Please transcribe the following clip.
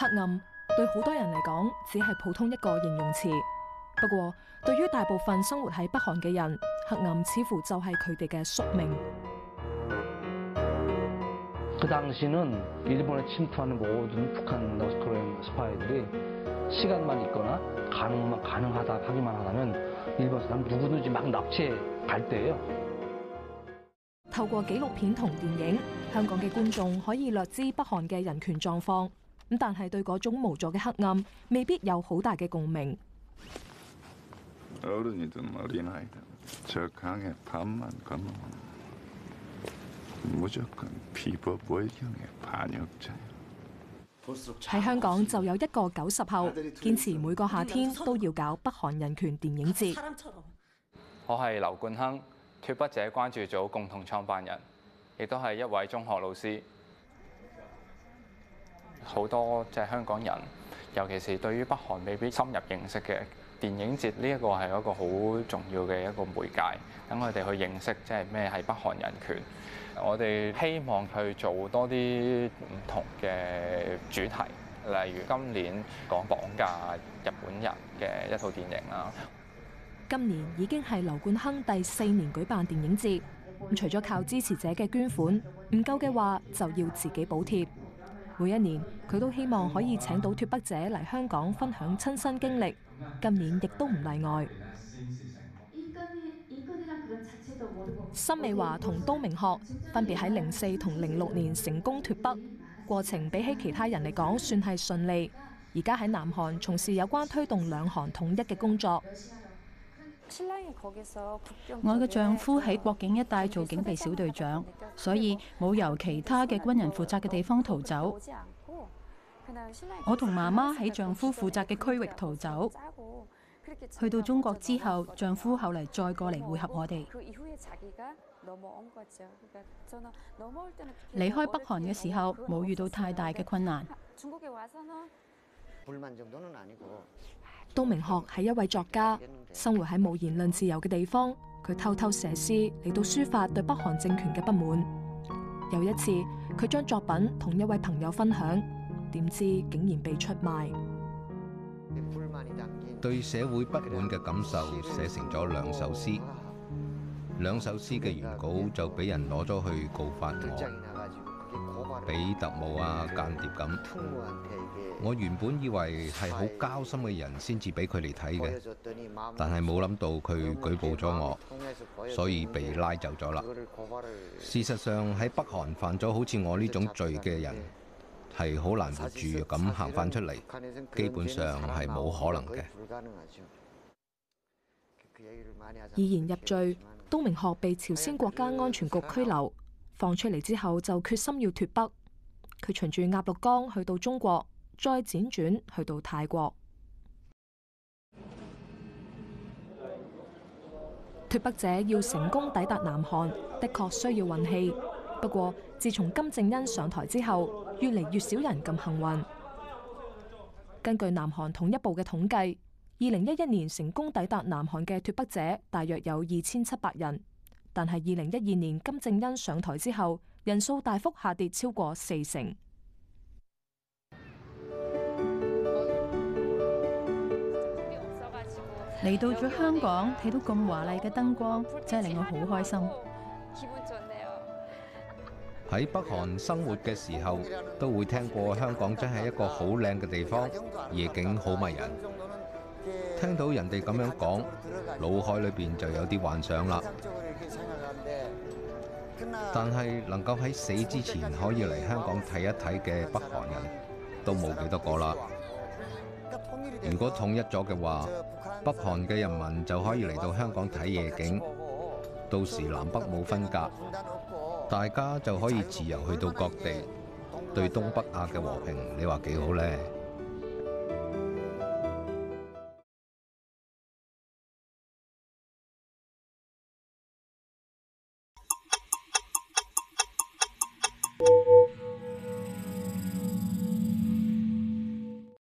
黑暗對好多人嚟講，只係普通一個形容詞。不過，對於大部分生活喺北韓嘅人，黑暗似乎就係佢哋嘅宿命。透過紀錄片同電影，香港嘅觀眾可以略知北韓嘅人權狀況。咁但係對嗰種無助嘅黑暗，未必有好大嘅共鳴。喺香港就有一個九十後，堅持每個夏天都要搞北韓人權電影節。我係劉冠亨，脫北者關注組共同創辦人，亦都係一位中學老師。好多即係香港人，尤其是對於北韓未必深入認識嘅電影節呢一個係一個好重要嘅一個媒介，等佢哋去認識即係咩係北韓人權，我哋希望去做多啲唔同嘅主題，例如今年講綁架日本人嘅一套電影啦。今年已經係劉冠亨第四年舉辦電影節，除咗靠支持者嘅捐款，唔夠嘅話，就要自己補貼。每一年，佢都希望可以請到脫北者嚟香港分享親身經歷。今年亦都唔例外。申美華同都明學分別喺零四同零六年成功脫北，過程比起其他人嚟講算係順利。而家喺南韓從事有關推動兩韓統一嘅工作。我嘅丈夫喺國境一帶做警備小隊長，所以冇由其他嘅軍人負責嘅地方逃走。我同媽媽喺丈夫負責嘅區域逃走。去到中國之後，丈夫後嚟再過嚟會合我哋。離開北韓嘅時候，冇遇到太大嘅困難。杜明學係一位作家。生活喺冇言論自由嘅地方，佢偷偷寫詩嚟到抒發對北韓政權嘅不滿。有一次，佢將作品同一位朋友分享，點知竟然被出賣。對社會不滿嘅感受寫成咗兩首詩，兩首詩嘅原稿就俾人攞咗去告發我。俾特務啊，間諜咁。我原本以為係好交心嘅人先至俾佢嚟睇嘅，但係冇諗到佢舉報咗我，所以被拉走咗啦。事實上喺北韓犯咗好似我呢種罪嘅人係好難唔注意咁行翻出嚟，基本上係冇可能嘅。已然入罪，東明學被朝鮮國家安全局拘留，放出嚟之後就決心要脱北。佢循住鴨綠江去到中國，再輾轉去到泰國。脱北者要成功抵達南韓，的確需要運氣。不過，自從金正恩上台之後，越嚟越少人咁幸運。根據南韓統一部嘅統計，二零一一年成功抵達南韓嘅脱北者大約有二千七百人，但係二零一二年金正恩上台之後，人數大幅下跌，超過四成。嚟到咗香港，睇到咁華麗嘅燈光，真係令我好開心。喺北韓生活嘅時候，都會聽過香港真係一個好靚嘅地方，夜景好迷人。聽到人哋咁樣講，腦海裏面就有啲幻想啦。但係能夠喺死之前可以嚟香港睇一睇嘅北韓人都冇幾多個啦。如果統一咗嘅話，北韓嘅人民就可以嚟到香港睇夜景，到時南北冇分隔，大家就可以自由去到各地，對東北亞嘅和平，你話幾好呢？